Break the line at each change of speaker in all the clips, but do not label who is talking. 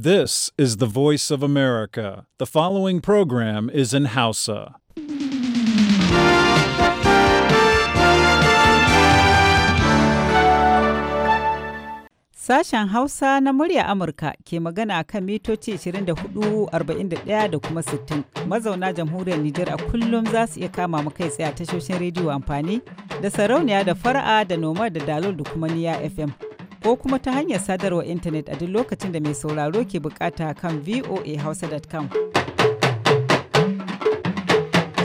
This is the voice of America. The following program is in Hausa.
Sashen Hausa na murya Amurka ke magana kan mitoci 24,41 da kuma 60. Mazauna jamhuriyar Nijar a kullum za su iya kama mu kai tsaye a tashoshin rediyo amfani da sarauniya da fara'a da noma da dalol da kuma niya FM. ko kuma ta hanyar sadarwar intanet a duk lokacin da mai sauraro ke bukata kan voahausa.com.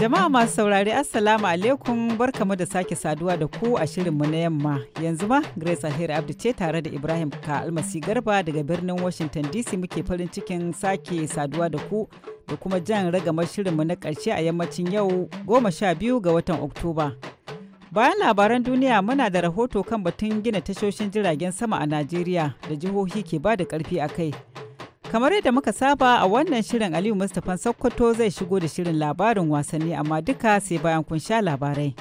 Jama'a masu saurari Assalamu alaikum barkamu da sake saduwa da ku a shirin mu na yamma. Yanzu ma Grace Ahir Abdu ce tare da Ibrahim ka almasi garba daga birnin Washington DC muke farin cikin sake saduwa da ku da kuma jan ragamar mu na ƙarshe a yammacin yau goma sha biyu ga watan Oktoba. Bayan labaran duniya muna da rahoto kan batun gina tashoshin jiragen sama a Najeriya da jihohi ke ba da karfi a kai. Kamar yadda muka saba a wannan shirin Aliyu Mustapha Sokoto zai shigo da shirin labarin wasanni amma duka sai bayan kun sha labarai.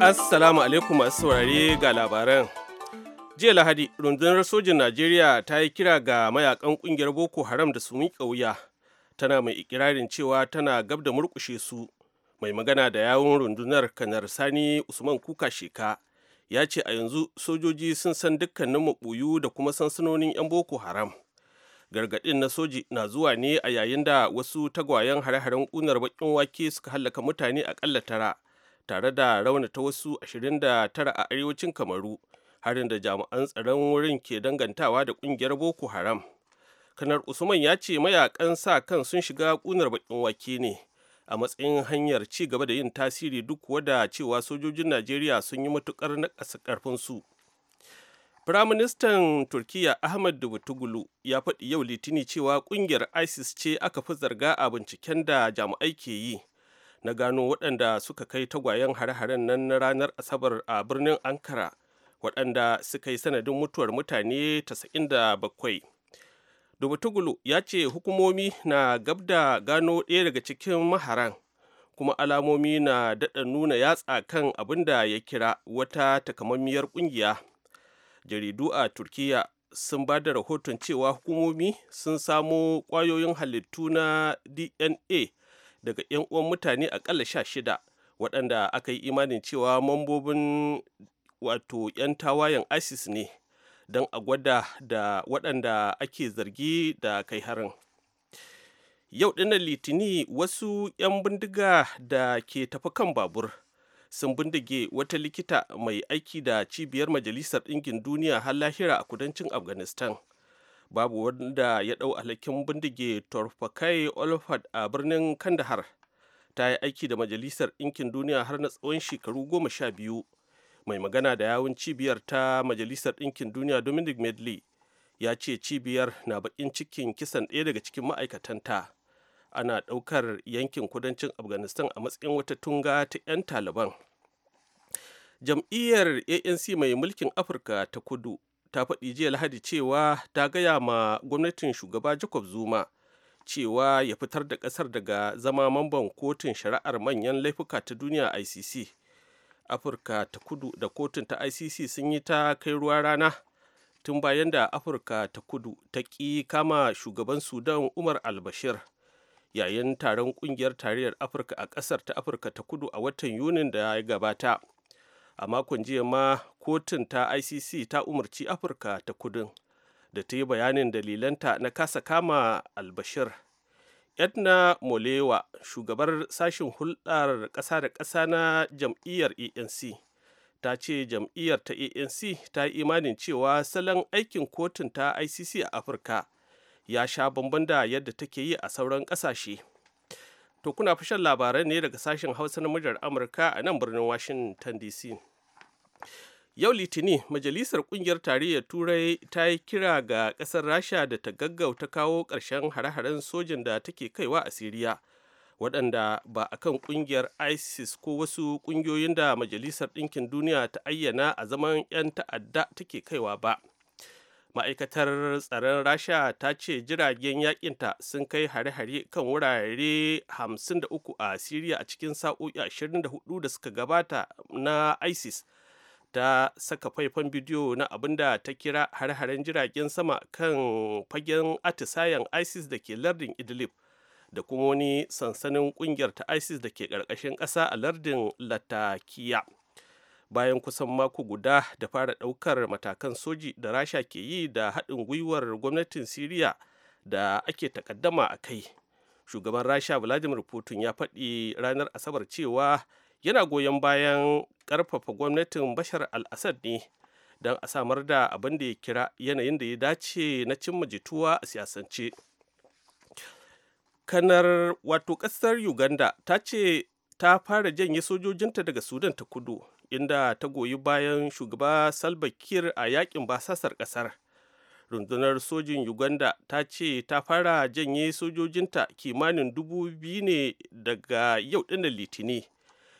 Assalamu alaikum masu saurare ga labaran. jiya lahadi rundunar sojin najeriya ta yi kira ga mayakan kungiyar boko haram da su miƙa wuya tana mai ikirarin cewa tana gab da murƙushe su mai magana da yawon rundunar kanar sani usman kuka sheka ya ce a yanzu sojoji sun san dukkanin maɓuyu da kuma sansanonin 'yan boko haram gargaɗin na soji na zuwa ne a yayin da wasu tagwayen hare-haren ƙunar baƙin wake suka hallaka mutane aƙalla tara tare da raunata wasu 29 a arewacin kamaru harin da jami'an tsaron wurin ke dangantawa da kungiyar boko haram kanar usman ya ce mayakan sa kan sun shiga kunar bakin wake ne a matsayin hanyar ci gaba da yin tasiri duk wada cewa sojojin najeriya sun yi matukar na ƙasa su firaministan turkiya ahmad dubutugulu ya faɗi yau litini cewa ƙungiyar isis ce aka fi zarga a binciken da jami'ai ke yi na gano waɗanda suka kai tagwayen hare-haren nan na ranar asabar a birnin ankara waɗanda suka yi sanadin mutuwar mutane 97 Dubutugulu ya ce hukumomi na gab da gano ɗaya daga cikin maharan kuma alamomi na daɗa nuna yatsa kan abin da ya kira wata takamammiyar ƙungiya. Jaridu a Turkiyya sun ba da rahoton cewa hukumomi sun samo ƙwayoyin halittu na DNA daga 'yan uwan mutane aƙalla sha shida waɗanda aka yi imanin cewa mambobin wato 'yan tawayen isis ne don a gwada da waɗanda ake zargi da kai harin yau ɗinnan litini wasu 'yan bindiga da ke tafi kan babur sun bindige wata likita mai aiki da cibiyar majalisar ɗingin duniya har lahira a kudancin afghanistan babu wanda ya ɗau alhakin bindige torfakai olfad a birnin kandahar ta yi aiki da majalisar ɗinkin duniya har na tsawon shekaru goma sha biyu mai magana da yawun cibiyar ta majalisar ɗinkin duniya dominic medley ya ce cibiyar na bakin cikin kisan ɗaya daga cikin ma'aikatanta ana ɗaukar yankin kudancin afghanistan a matsayin wata tunga ta 'yan taliban jam'iyyar anc mai mulkin afirka ta kudu ta faɗi jiya lahadi cewa ta gaya ma gwamnatin shugaba jacob zuma cewa ya fitar da ƙasar daga zama mamban kotun shari'ar manyan laifuka ta duniya icc afirka ta kudu da kotun ta icc sun yi ta kai ruwa rana tun bayan da afirka ta kudu ta ƙi kama shugaban sudan umar albashir yayin taron ƙungiyar tarayyar afirka a ƙasar ta afirka ta kudu a watan yunin da ya gabata a makon jiya ma kotun ta icc ta umarci afirka ta kudun da ta yi bayanin dalilanta na kasa kama albashir edna molewa shugabar sashen hulɗar ƙasa da ƙasa na jam'iyyar anc ta ce jam'iyyar ta anc ta yi imanin cewa salon aikin kotun ta icc a afirka ya sha bambam da yadda take yi a sauran ƙasashe to kuna fashin labarai ne daga sashen hausa na muryar amurka a nan birnin washington dc yau litini majalisar kungiyar tarayyar turai ta yi kira ga kasar rasha da ta gaggauta kawo karshen hare-haren sojin da take kaiwa a siriya waɗanda ba a kan kungiyar isis ko wasu kungiyoyin da majalisar ɗinkin duniya ta ayyana a zaman 'yan ta'adda take kaiwa ba ma'aikatar tsaron rasha ta ce jiragen yakinta sun kai hare-hare kan wurare 53 a siriya a cikin sa'o'i 24 da suka gabata na isis ta saka faifan bidiyo na abin da ta kira har-haren jiragen sama kan fagen atisayen isis da ke lardin idlib da kuma wani sansanin kungiyar ta isis da ke karkashin kasa a lardin latakiya bayan kusan mako guda da fara daukar matakan soji da rasha ke yi da haɗin gwiwar gwamnatin siriya da ake takaddama a kai shugaban rasha vladimir putin ya faɗi ranar asabar cewa yana goyon bayan karfafa gwamnatin bashar al-assad ne don a samar da abin da ya kira yanayin da ya dace na cimma jituwa a siyasance kanar wato kasar uganda ta ce ta fara janye sojojinta daga sudan ta kudu inda ta goyi bayan shugaba salva a yakin basasar kasar rundunar sojin uganda ta ce ta fara janye sojojinta kimanin dubu biyu ne daga yau ɗinnan litini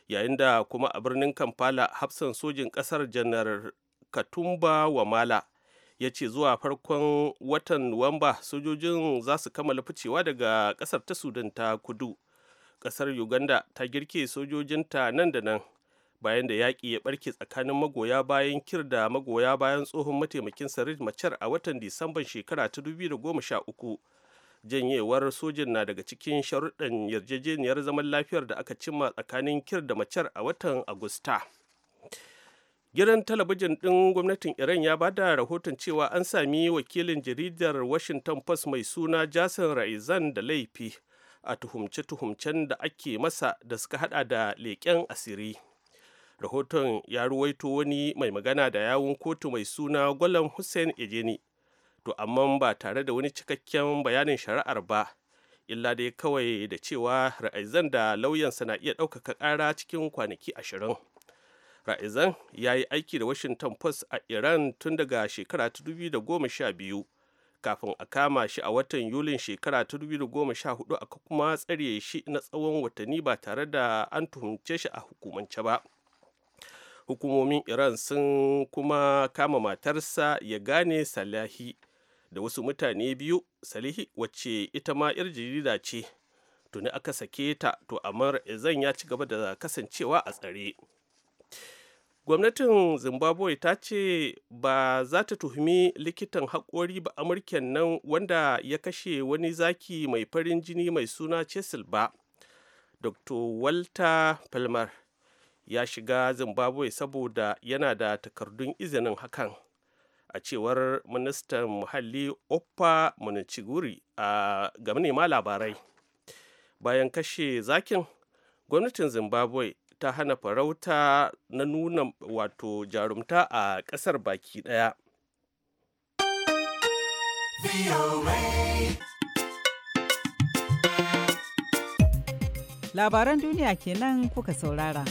yayin da kuma a birnin kampala hafsan sojin kasar janar katumba wamala ya ce zuwa farkon watan nuwamba sojojin za su kammala ficewa daga kasar ta sudan ta kudu kasar uganda ta girke sojojinta nan da nan bayan da yaƙi ya ɓarke tsakanin magoya bayan kir da magoya bayan tsohon mataimakin sarit machar a watan disamban shekara ta 2013 janyewar sojin na daga cikin sharuɗin yarjejeniyar zaman lafiyar da aka cimma tsakanin kir da macar a watan agusta gidan talabijin ɗin gwamnatin iran ya ba da rahoton cewa an sami wakilin jaridar washington post mai suna jason raizan da laifi a tuhumce-tuhumcen da ake masa da suka hada da leƙen asiri rahoton ya ruwaito wani mai magana da yawun kotu mai suna gwalan hussein ejeni to amma ba tare da wani cikakken bayanin shari'ar ba illa dai kawai da cewa ra'izan da lauyansa na iya ɗaukaka ƙara cikin kwanaki ashirin ra'izan ya yi aiki da washington post a iran tun daga shekara ta 2012 kafin a kama shi a watan yulin shekara ta 2014 aka kuma tsare shi na tsawon watanni ba tare da an tuhumce shi a hukumance ba hukumomin iran sun kuma kama matarsa ya gane salahi da wasu mutane biyu salihi wacce ita ma 'yar jarida ce tuni aka sake ta to amma zan ya ci gaba da kasancewa a tsare gwamnatin zimbabwe ta ce ba za ta tuhumi likitan haƙori ba amurken nan wanda ya kashe wani zaki mai farin jini mai suna cecil ba dr walter palmer ya shiga zimbabwe saboda yana da takardun izinin hakan a cewar ministan muhalli oppa Munichiguri a ga manema labarai bayan kashe zakin gwamnatin zimbabwe ta hana farauta na nuna wato jarumta a ƙasar baki ɗaya
labaran duniya kenan kuka saurara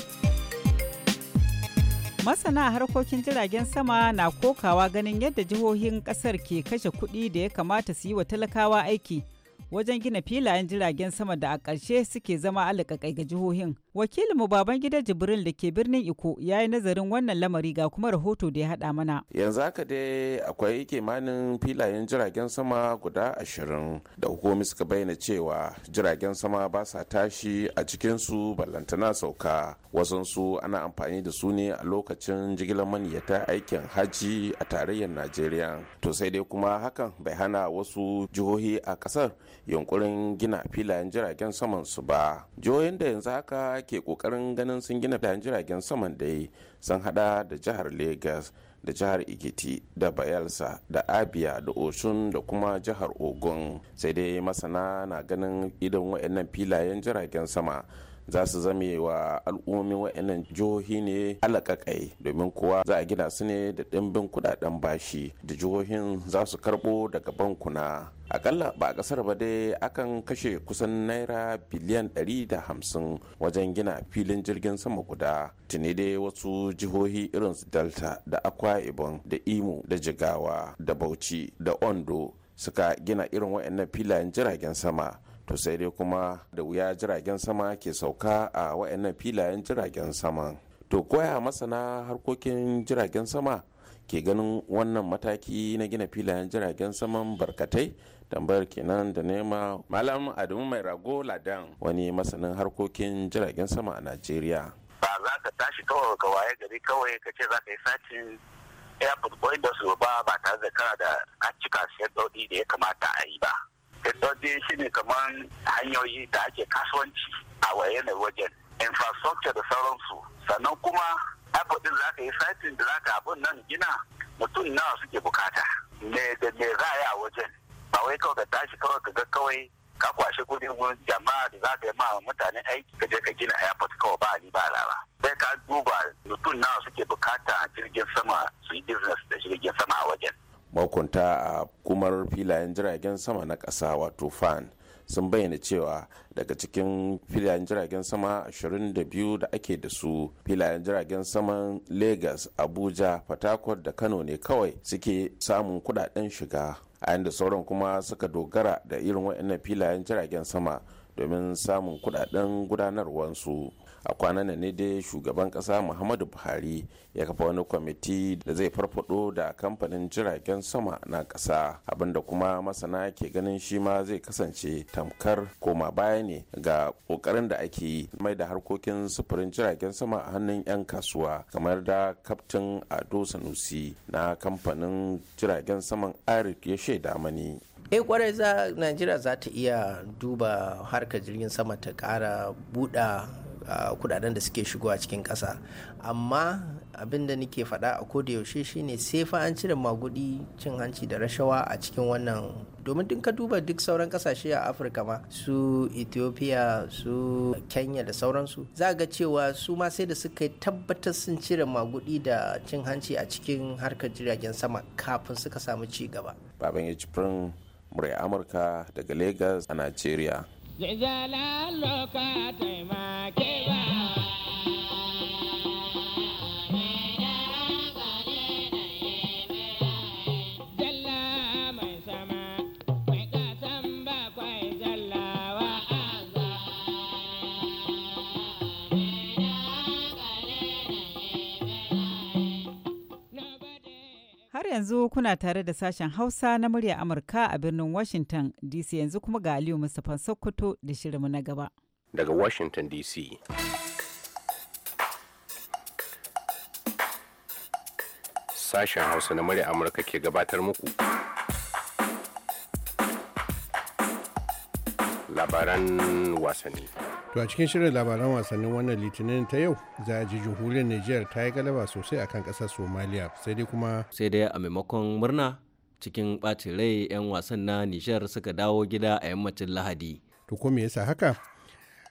masana harkokin jiragen sama na kokawa ganin yadda jihohin kasar ke kashe kuɗi da ya kamata su yi wa talakawa aiki wajen gina filayen jiragen sama da a ƙarshe suke zama alaƙaƙai ga jihohin. Wakilin mu baban gida Jibril da ke birnin Iko ya yi nazarin wannan lamari ga kuma rahoto da ya haɗa mana.
Yanzu haka dai akwai kimanin filayen jiragen sama guda ashirin da hukumi suka bayyana cewa jiragen sama ba sa tashi a cikin su ballantana sauka. Wasansu ana amfani da su ne a lokacin jigilar maniyyata aikin hajji a tarayyar Najeriya. To sai dai kuma hakan bai hana wasu jihohi a ƙasar yunkurin gina filayen jiragen saman su ba jihohin da yanzu haka ke kokarin ganin sun gina filayen jiragen saman da sun hada da jihar lagos da jihar igiti da bayelsa da abia da osun da kuma jihar ogun sai dai masana na ganin idan waɗannan filayen jiragen sama za su zame wa al'ummomin wa'annan jihohi ne alakakai domin kuwa za a gina su ne da ɗimbin kudaden bashi da jihohin za su karɓo daga bankuna akalla ba a kasar ba dai akan kashe kusan naira biliyan 150 wajen gina filin jirgin sama guda tuni dai wasu jihohi irin su delta da akwa ibon da imo da jigawa da bauchi da ondo suka gina irin wa'annan filayen jiragen sama to sai dai kuma da wuya jiragen sama ke sauka a wayannan filayen jiragen sama to koya masana harkokin jiragen sama ke ganin wannan mataki na gina filayen jiragen saman barkatai tambayar kenan da nema malam adamu mai rago ladan wani masanin harkokin jiragen sama a najeriya ba za ka tashi
kawai ka waye gari kawai ka ce za ka yi sace airport boy da su ba ba tare da kana da a cika siyar da ya kamata a yi ba Daddaje shi ne kamar hanyoyi da ake
kasuwanci a waye ne wajen. Infrastructure da sauransu. Sannan kuma airport
din za ka yi sitin da za ka abin nan gina mutum nawa suke bukata. Me da me za a yi a wajen. Ba wai kawai ka tashi kawai ka ga kawai ka kwashe kudi mu jama'a da za ka yi ma mutane aiki ka je ka gina airport kawai ba ni ba ba Sai ka duba mutum nawa suke bukata a jirgin sama
makunta a kumar filayen jiragen sama na ƙasa wato fan sun bayyana cewa daga cikin filayen jiragen sama 22 da ake da su filayen jiragen saman lagos abuja fatakwal da kano ne kawai suke samun kudaden shiga a yadda sauran kuma suka dogara da irin waɗannan filayen jiragen sama domin samun kudaden gudanarwansu. a kwanan ne dai shugaban kasa muhammadu buhari ya kafa wani kwamiti da zai farfado da kamfanin jiragen sama na kasa abinda kuma masana ke ganin shi ma zai kasance tamkar koma baya ne ga kokarin da ake yi mai da harkokin sufurin jiragen sama a hannun 'yan kasuwa kamar da kaftin ado sanusi na kamfanin jiragen saman arik ya shaida mani
e eh, kwarai za najeriya za ta iya duba harkar jirgin sama ta kara buɗa kudaden da suke shigo a cikin ƙasa amma abin da nike faɗa a kodayaushe shine sai fa an cire magudi cin hanci da rashawa a cikin wannan domin duk ka duba duk sauran kasashe a afirka ma su ethiopia su kenya da sauransu za ga cewa su ma sai da suka tabbatar sun cire magudi da cin hanci a cikin harkar jiragen sama kafin suka samu ci gaba
baban ya mura amurka daga lagos a nigeria
zai zala loka taimake ba
yanzu kuna tare da sashen Hausa na murya Amurka a birnin Washington DC yanzu kuma ga Aliyu Mustapha Sokoto da shirinmu na gaba.
Daga Washington DC. Sashen Hausa na murya Amurka ke gabatar muku. Labaran wasanni. To a cikin shirin labaran wasannin wannan litinin ta yau za a ji jamhuriyar Nijar ta yi galaba sosai akan kasar Somalia sai dai kuma
sai dai a maimakon murna cikin ɓacin rai 'yan wasan na Nijar suka dawo gida a yammacin Lahadi.
To ko me yasa haka?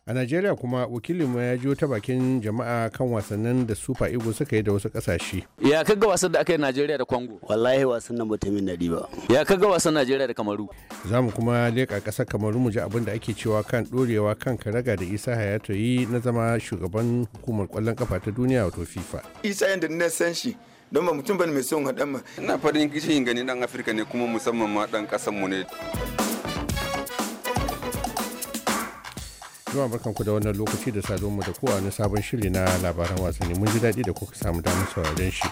a najeriya kuma wakilinmu ya jiyo ta bakin jama'a kan wasannin da super eagles suka yi da wasu kasashe
ya kaga wasan da aka yi najeriya da congo wallahi wasan na mutum na ba ya kaga wasan najeriya da kamaru
za mu kuma leƙa ƙasar kamaru mu ji abin da ake cewa kan ɗorewa kan karaga da isa hayato yi na zama shugaban hukumar kwallon kafa ta duniya wato fifa
isa yadda na san shi don ba mutum bane mai son haɗan ma ina farin kishin gani ɗan afirka ne kuma musamman ma dan ƙasar mu ne
Zuwa barkan ku da wannan lokaci da sa mu da kowa na sabon shiri na labaran wasanni mun ji daɗi da kuka samu damar sauraron shi.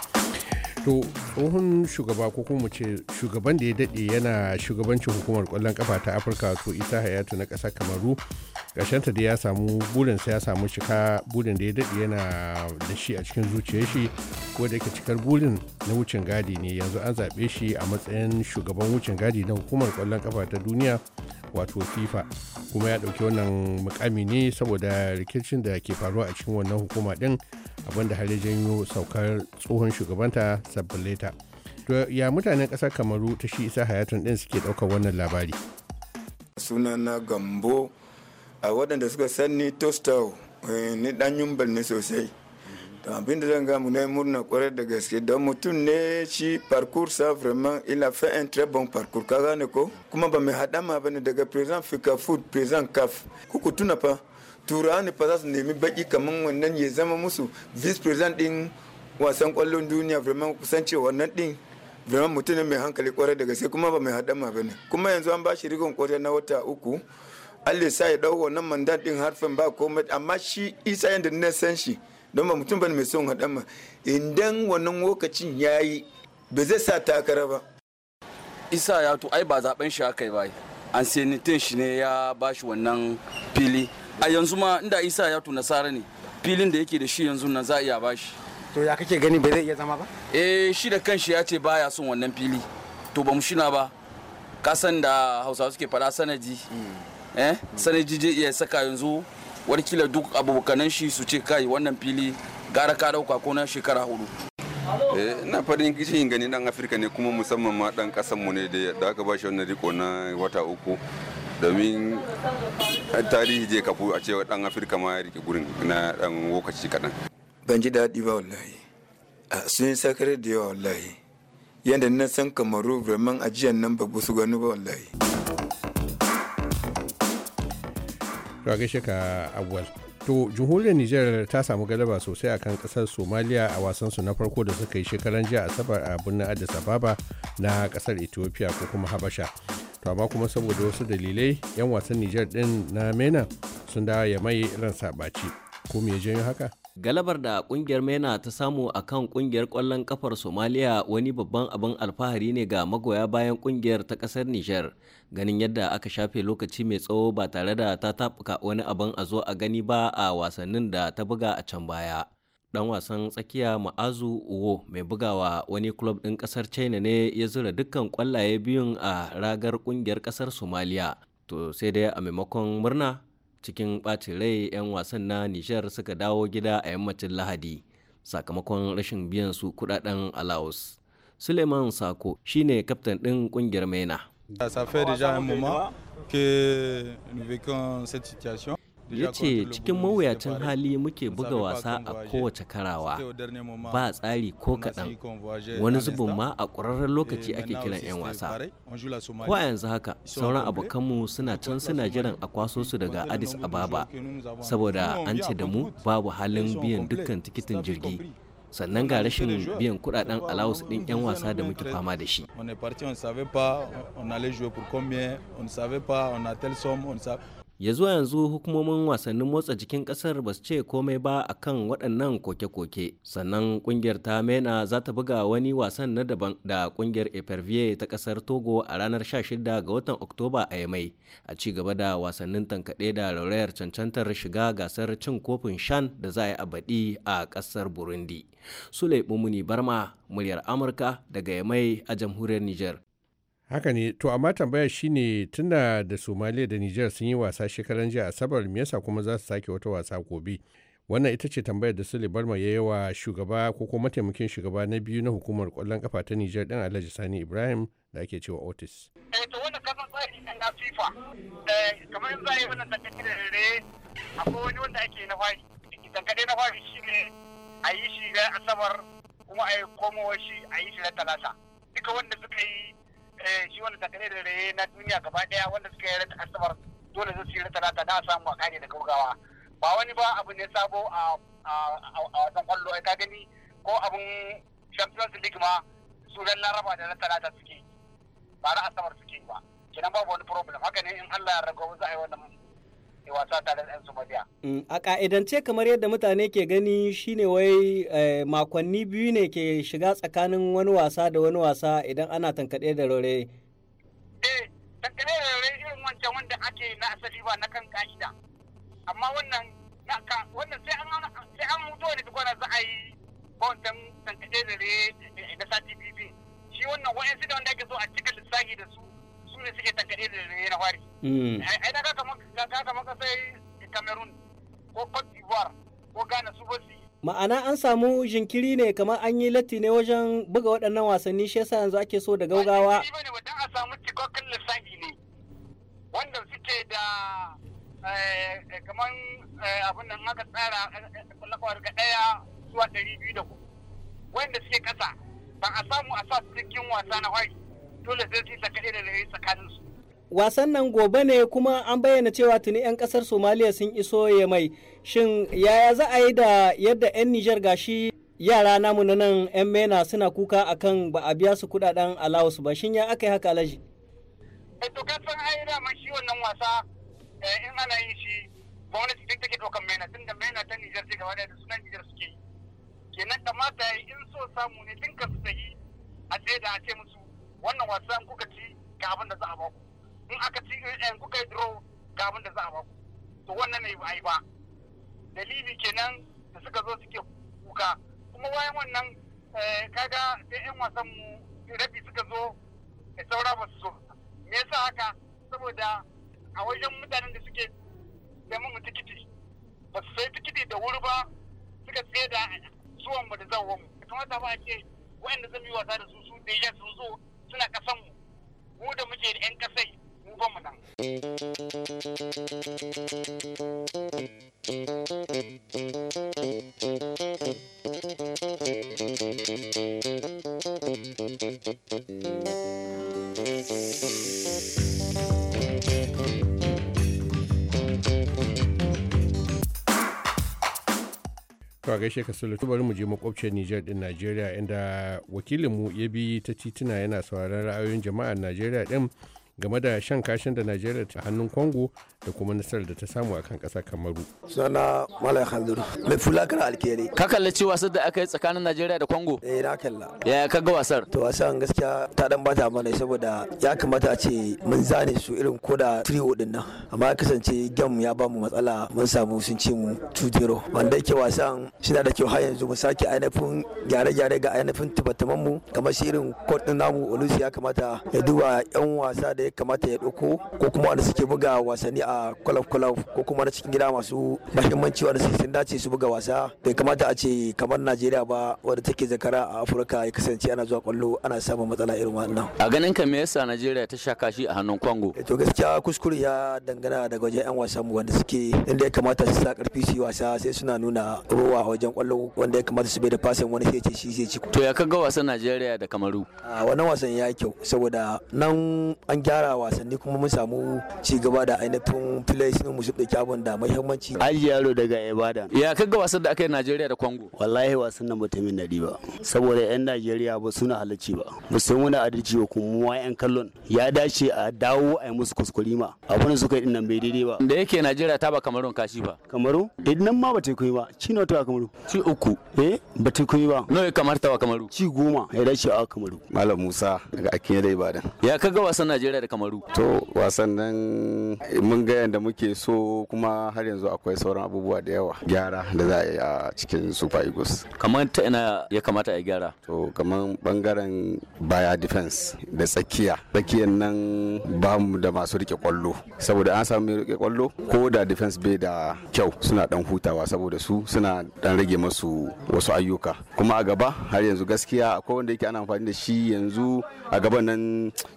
to tsohon shugaba ko kuma ce shugaban da ya daɗe yana shugabancin hukumar kwallon kafa ta afirka to isa hayatu na ƙasar kamaru ƙarshenta da ya samu burinsa ya samu cika burin da ya daɗe yana da shi a cikin zuciyar shi ko da yake cikar burin na wucin gadi ne yanzu an zaɓe shi a matsayin shugaban wucin gadi na hukumar kwallon kafa ta duniya wato fifa kuma ya dauki wannan mukami ne saboda rikicin da ke faruwa a cikin wannan hukuma ɗin abinda har janyo saukar tsohon shugabanta sabbaleta ya mutanen ƙasar kamaru ta shi isa hayatun din suke ɗaukar wannan labari
sunana gambo a waɗanda suka sani tostow ni eh, ɗanyun sosai to da zan gamu na yi murna kwarai da gaske don mutum ne shi parcours sa vraiment il a fait un très bon parcours ka gane ko kuma ba mai hada ma bane daga president fika food president caf kuku tuna fa Tura ne fa za su nemi baki kaman wannan ya zama musu vice president din wasan kwallon duniya vraiment kusan ce wannan din vraiment mutum ne mai hankali kwarai da gaske kuma ba mai hada ma bane kuma yanzu an ba shi rigon kwarya na wata uku Allah sa ya dau wannan mandat din harfin ba komai amma shi isa yanda na san shi don ba mutum bane mai son ma idan wannan lokacin ya yi ba zai sa takara ba isa ya to ai ba zaben shi aka yi ba an senitin shi ne ya ba shi wannan fili
a yanzu ma inda isa ya to nasara ne filin da yake da shi yanzu nan za a iya ba shi to ya kake gani bai zai iya zama ba eh shi da kanshi ya ce ba ya son wannan fili to ba mu shina ba kasan da hausawa suke fada sanaji hmm. eh sanaji je iya saka yanzu
warkila duk abubakanan shi su ce kai wannan fili gara ka dauka ko na shekara hudu eh, na farin cikin gani dan afirka ne kuma musamman ma dan kasan mu ne da aka ba shi wannan riko na wata uku domin tarihi je kafu a cewa dan afirka ma ya rike gurin na dan lokaci kadan ban ji daɗi ba wallahi sun sakare da yawa wallahi yadda na san kamaru vraiment ajiyar nan ba su gani ba wallahi
to a gaishe ka awwal to jamhuriyar niger ta samu galaba sosai akan kasar somaliya a wasansu na farko da suka yi shekaran jiya asabar a birnin addis ababa na kasar ethiopia ko kuma habasha to amma kuma saboda wasu dalilai yan wasan niger din na mena sun dawo ya mai ran sabaci ko me janyo haka
Galabar da kungiyar MENA ta samu a kan kungiyar kwallon kafar somaliya wani babban abin alfahari ne ga magoya bayan kungiyar ta ƙasar Nijar. Ganin yadda aka shafe lokaci mai tsawo ba tare da ta tabuka wani abin a zo a gani ba a wasannin da ta buga a can baya. Dan wasan tsakiya Ma'azu Uwo mai bugawa wani club din ƙasar China ne ya zura dukkan kwallaye biyun a ragar kungiyar ƙasar somaliya To sai dai a maimakon murna cikin ɓacin rai 'yan wasan na nijar suka dawo gida a yammacin lahadi sakamakon rashin biyan su kudaden alawus suleiman sako shine kaftan ɗin ƙungiyar mena Ça fait déjà un moment que nous situation. ya ce cikin mawuyacin hali muke buga wasa a kowace karawa ba tsari ko kaɗan wani zubin ma a ƙwararren lokaci eh, ake kiran 'yan wasa ko a yanzu haka sauran abokanmu suna can suna jiran a kwaso su daga addis ababa saboda an ce da mu babu halin biyan dukkan tikitin jirgi sannan ga rashin biyan kudaden alawus din yan wasa da muke fama da shi ya zuwa yanzu hukumomin wasannin motsa jikin kasar ba su ce komai ba a kan waɗannan koke-koke sannan ƙungiyar ta mena za ta buga wani wasan na daban da ƙungiyar epervier ta kasar togo a ranar 16 ga watan oktoba a yamai a ci gaba da wasannin tankaɗe da raurayar cancantar shiga gasar cin kofin shan da za a yi a baɗi a kasar burundi sule mumuni barma muryar amurka daga yamai a jamhuriyar niger
haka ne to amma tambaya shine tunda da somaliya da niger sun yi wasa shekaran jiya asabar me yasa kuma za su sake wata wasa gobe wannan ita ce tambayar da sule barma ya yi wa shugaba ko kuma mataimakin shugaba na biyu na hukumar kwallon kafa ta niger din alhaji sani ibrahim da ake cewa otis
eh to wannan na fifa eh, kamar a yi akwai wani wanda ake na fari na fari shine a yi shi asabar kuma a yi komowa shi a yi shi na talata duka wanda suka yi Eh, shi wanda takane da raye na duniya gaba daya wanda suka yi rata asabar dole zai su yi rata nata na samu a kare da gaugawa ba wani ba abu ne sabo a wasan kwallo ka gani ko abun champions league ma su ran laraba da rata talata suke ba na asabar suke ba kenan babu wani problem haka ne in allah ya rago za a yi wannan ke wasa tare da 'yan somaliya.
Mm, a ka'idance kamar yadda mutane ke gani shine wai eh, makonni biyu ne ke shiga tsakanin wani wasa da wani wasa idan ana tankaɗe da rore. eh tankaɗe da rore irin wancan
wanda ake na asali ba na kan ka'ida amma wannan wannan sai an mutu wani za a yi wancan tankaɗe da rore eh, na sati bibi shi wannan wa'yansu da wanda ake so a cika lissafi da su suke da zai na fari. Ai na ko
Cote d'Ivoire ma'ana an samu jinkiri ne kamar an yi latti ne wajen buga waɗannan wasanni shi yasa yanzu ake so da gaugawa ba ne wajen a samu
wanda suke da eh, eh, kamar eh, abin nan aka ba a samu a sa cikin wasa na hari dole sai su saka irin rayu
tsakanin su. Wasan nan gobe ne kuma an bayyana cewa tuni 'yan kasar Somaliya sun iso ya mai. Shin yaya za a yi da yadda 'yan Nijar gashi yara namu na nan 'yan mena suna kuka akan ba a biya su kudaden alawus ba shin ya aka yi haka alaji?
Eh, to ka san ai ma shi wannan wasa eh, in ana yin shi gwamnati duk take dokan mena tun da mena ta Nijar ce gaba da sunan Nijar suke yi. Kenan kamata in so samu ne tun ka su yi a ce da a ce musu wannan wasu in kuka ci ga abin da za a baku in aka ci eh, in kuka yi draw ga abin da za a baku to wannan ne ba yi ba dalili kenan da suka zo suke kuka kuma bayan wannan eh, kaga da yan wasan mu rabi suka zo da eh, saura ba su so me yasa haka saboda a wajen mutanen da suke da mu tikiti ba su sai tikiti da wuri ba suka tsaye da zuwan mu da zawon mu ta ba a ce wa'anda zan yi wasa da su su da ya su zo suna kasan mu mu da muke da yan kasai mu ba mu nan
Thank you. To gaishe ka sulu bari mu je makwabciyar Nijar din Najeriya inda wakilinmu ya bi ta tituna yana sauraron ra'ayoyin jama'ar Najeriya din game da shan kashin da najeriya ta hannun congo da kuma nasarar da ta samu akan ƙasar kamaru
sana malai khanduru mai fula kana alkeri
ka kalli ci wasar da aka yi tsakanin najeriya da
congo eh na kalla ya ka ga wasar to wasan gaskiya ta dan bata mana saboda ya kamata a ce mun zane su irin koda trio din nan amma ya kasance gem ya bamu matsala mun samu sun ce mu 2-0 wanda yake wasan shi da kyau har yanzu mu sake ainihin gyare-gyare ga ainihin tubataman mu kamar shi irin kot namu olusi ya kamata ya duba yan wasa da ya kamata ya ɗauko ko kuma wanda suke buga wasanni a kwalaf kwalaf ko kuma na cikin gida masu mahimmanci wanda sun dace su buga wasa bai kamata a ce kamar najeriya ba wanda take zakara a afirka ya kasance ana zuwa kwallo ana samun matsala irin wannan
a ganin ka me yasa najeriya ta sha kashi a hannun kwango eh to
gaskiya kuskure ya dangana daga wajen yan wasan mu wanda suke inda ya kamata su sa karfi su yi wasa sai suna nuna ruwa a wajen kwallo wanda ya kamata su bai da fasin wani sai ce shi zai ci
to ya kaga wasan najeriya da kamaru
a wannan wasan ya kyau saboda nan an gyara kara wasanni kuma mun samu ci gaba da ainihin filai sun musu da kyawun da mahimmanci.
aji yaro daga ibadan ya kaga wasan da aka yi najeriya da congo wallahi wasan nan mutumin daɗi ba saboda yan najeriya ba suna halacci ba musamman adalci ba kuma yan kallon ya dace a dawo a yi musu kuskure ma abin da suka yi dinnan bai daidai ba da yake najeriya ta ba kamarun kashi ba kamaru idan eh, ma ba ta yi ba ci nawa ta kamaru ci uku eh ba ta yi ba nawa kamar ta ba kamaru ci goma ya dace a kamaru malam musa daga akin da ibadan ya kaga wasan najeriya da Kamaru? To wasan nan mun ga yadda muke so kuma har yanzu akwai sauran abubuwa da yawa gyara da za a yi a cikin Super Eagles. Kamar ta ina ya kamata a gyara? To kamar bangaren baya defense da tsakiya. Tsakiyan nan ba mu da masu rike kwallo saboda an samu rike kwallo ko da defense bai da kyau suna dan hutawa saboda su suna dan rage masu wasu ayyuka kuma a gaba har yanzu gaskiya akwai wanda yake ana amfani da shi yanzu a gaban nan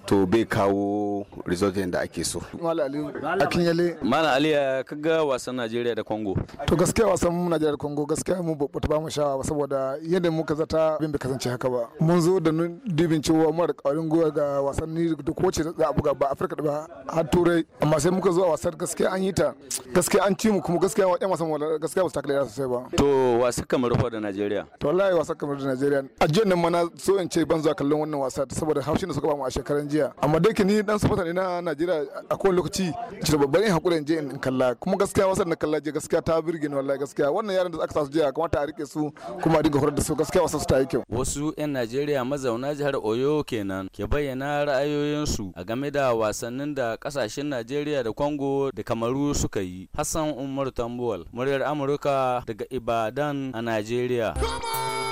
to bai kawo kawo result da ake so. Mana Ali Akinyele. Mala Ali kaga wasan Najeriya da Congo. To gaskiya wasan Najeriya da Congo gaskiya mu ba ta ba mu saboda yadda muka zata bin bai kasance haka ba. Mun zo da dubin cewa mu da ƙwarin gwiwa ga wasanni da kowace za a buga ba Afirka ba har Turai amma sai muka zo a wasan gaskiya an yi ta gaskiya an ci mu kuma gaskiya ɗan wasan gaskiya ba su takale sosai ba. To wasan kamar fa da Najeriya. To wallahi wasan kamar da Najeriya. A jiya nan ma na so in ce ban zuwa kallon wannan wasa saboda haushin da suka ba mu a shekaran jiya. Amma dai ni dan sabata ne na Najeriya a kowane lokaci ce babban hakuri in je in kalla kuma gaskiya wasan na kalla je gaskiya ta birge ni wallahi gaskiya wannan yaran da aka sa je ya kamata a rike su kuma a dinga horar da su gaskiya wasan su ta yi kyau wasu yan Najeriya mazauna jihar Oyo kenan ke bayyana ra'ayoyinsu a game da wasannin da kasashen Najeriya da Congo da Kamaru suka yi Hassan Umar Tambuwal muryar Amurka daga Ibadan a Najeriya Come on!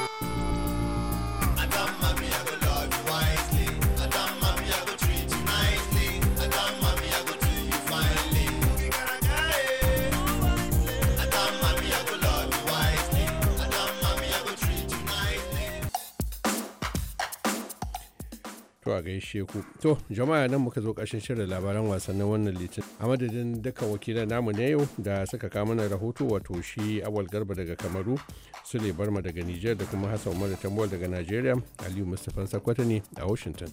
a gaishe ku to jama'a nan muka zo ƙarshen shirin labaran wasannin wannan litin a madadin duka wakilan namu na yau da suka kama mana rahoto wato shi awal garba daga kamaru sule barma daga nijar da kuma hassan Umar tambol daga nigeria aliyu mustapha sakwata ne a washington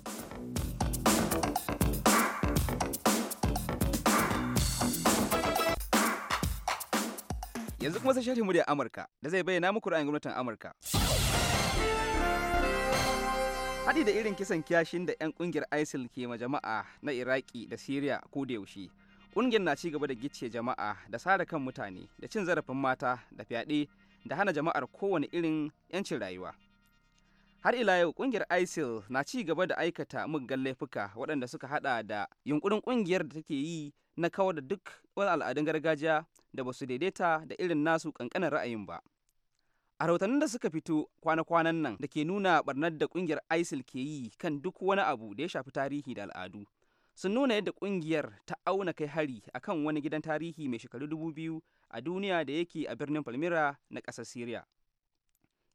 yanzu kuma sai mu da amurka da zai bayyana muku ra'ayin gwamnatin amurka hadi da irin kisan kiyashin da 'yan ƙungiyar isil ke ma jama'a na iraki da siriya ko da yaushe ƙungiyar na ci gaba da gice jama'a da sare kan mutane da cin zarafin mata da fyaɗe da hana jama'ar kowane irin 'yancin rayuwa har ila yau kungiyar isil na ci gaba da aikata muggan laifuka waɗanda suka hada da yunkurin kungiyar da take yi na kawar da duk wani al'adun gargajiya da ba su daidaita da irin nasu kankanin ra'ayin ba a rahotannin da suka fito kwana-kwanan nan da ke nuna barnar da kungiyar isil ke yi kan duk wani abu da ya shafi tarihi da al'adu sun nuna yadda kungiyar ta auna kai hari akan wani gidan tarihi mai shekaru dubu biyu a duniya da yake a birnin palmyra na ƙasar syria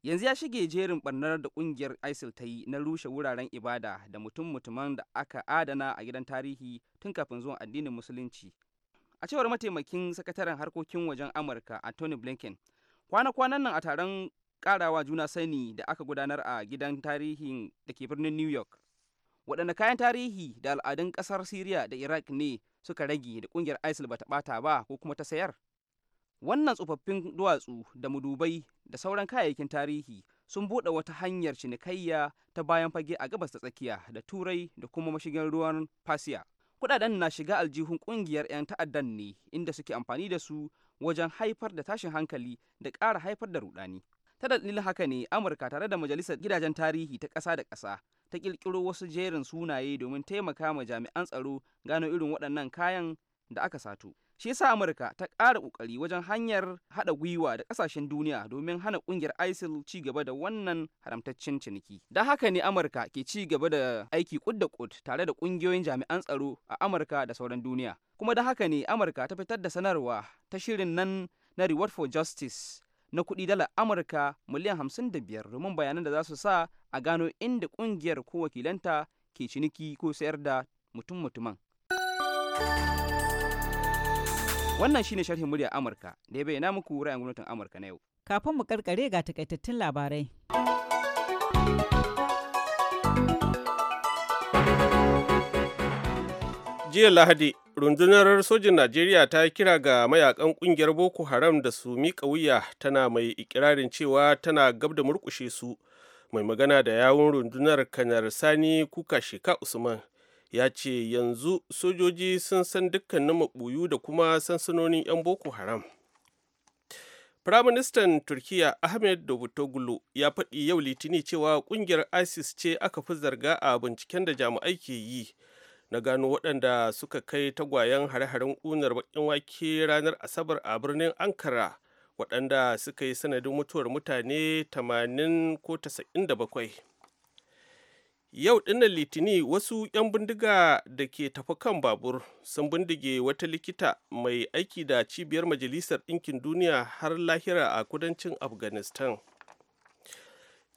yanzu ya shige jerin barnar da kungiyar isil ta yi na rushe wuraren ibada da mutum mutuman da aka adana a gidan tarihi tun kafin zuwan addinin musulunci a cewar mataimakin sakataren harkokin wajen amurka anthony blinken kwana-kwanan nan a taron karawa juna sani da aka gudanar a gidan tarihin da ke birnin new york waɗanne kayan tarihi da al'adun ƙasar syria da iraq ne suka rage da ƙungiyar isil ba bata ɓata ba ko kuma ta sayar wannan tsofaffin duwatsu da mudubai da sauran kayayyakin tarihi sun buɗe wata hanyar cinikayya ta bayan fage a gabas da tsakiya da turai da kuma mashigin ruwan fasiya kudaden na shiga aljihun kungiyar 'yan ta'addan ne inda suke amfani da su wajen haifar da tashin hankali da ƙara haifar da rudani ta dalilin haka ne amurka tare da majalisar gidajen tarihi ta ƙasa da ƙasa ta ƙirƙiro wasu jerin sunaye domin taimaka ma jami'an tsaro gano irin waɗannan kayan da aka sato shi yasa amurka ta ƙara ƙoƙari wajen hanyar haɗa gwiwa da ƙasashen duniya domin hana ƙungiyar isil ci gaba da wannan haramtaccen ciniki don haka ne amurka ke ci gaba da aiki ƙud da ƙud tare da ƙungiyoyin jami'an tsaro a amurka da sauran duniya kuma don haka ne amurka ta fitar da sanarwa ta shirin nan na reward for justice na kuɗi dalar amurka miliyan hamsin da biyar domin bayanan da za su sa a gano inda ƙungiyar ko wakilanta ke ciniki ko sayar da mutum mutuman Wannan shine sharhin muryar Amurka da ya bayyana muku ra'ayin gwamnatin Amurka na yau.
Kafin mu karkare ga takaitattun labarai.
Jiya Lahadi, rundunar sojin Najeriya ta kira ga mayakan kungiyar Boko Haram da su miƙa wuya tana mai ikirarin cewa tana gab da murƙushe su. Mai magana da yawun rundunar kanar Sani Kuka Sheka Usman ya ce yanzu sojoji sun san dukkanin maɓuyu da kuma sansanonin 'yan boko haram firaministan turkiya ahmed davutoglu ya faɗi yau litini cewa ƙungiyar isis ce aka fi zarga a binciken da jami'ai ke yi na gano waɗanda suka kai tagwayen hare-haren ƙunar baƙin wake ranar asabar a birnin ankara waɗanda suka yi sanadin mutuwar mutane 80 ko 97 yau dinnan litini wasu 'yan bindiga da ke tafi kan babur sun bindige wata likita mai aiki da cibiyar majalisar ɗinkin duniya har lahira a kudancin afghanistan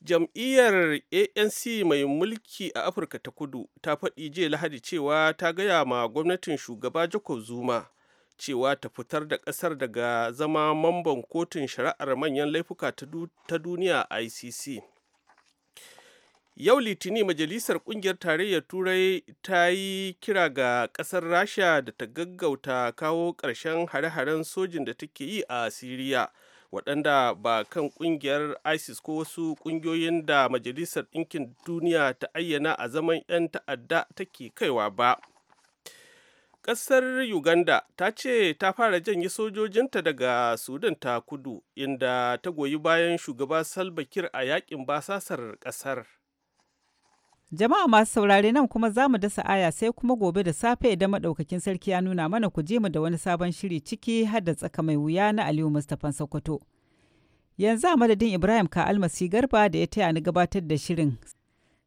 jam'iyyar anc mai mulki a afirka ta kudu ta faɗi je lahadi cewa ta gaya ma gwamnatin shugaba jacob zuma cewa ta fitar da ƙasar daga zama mamban kotun shari'ar manyan laifuka ta duniya icc yau litinin majalisar kungiyar tarayyar turai ta yi kira ga kasar rasha da ta gaggauta kawo ƙarshen hare-haren sojin da take yi a siriya waɗanda ba kan kungiyar isis ko wasu ƙungiyoyin da majalisar ɗinkin duniya ta ayyana a zaman 'yan ta'adda take kaiwa ba ƙasar uganda ta ce ta fara janye sojojinta daga sudan ta kudu inda ta goyi bayan shugaba salbakir a yakin basasar ƙasar
Jama'a masu saurare nan kuma za mu dasa aya sai kuma gobe da safe idan maɗaukakin sarki ya nuna mana ku je mu da wani sabon shiri ciki har da tsaka mai wuya na Aliyu Mustapha Sokoto. Yanzu a madadin Ibrahim Ka Almasi Garba da ya taya ni gabatar da shirin.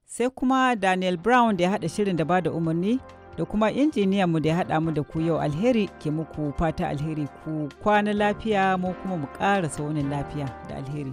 Sai kuma Daniel Brown da ya haɗa shirin da bada umarni da kuma injiniyan mu da ya haɗa mu da ku yau alheri ke muku fata alheri ku kwana lafiya mu kuma mu ƙara saunin lafiya da alheri.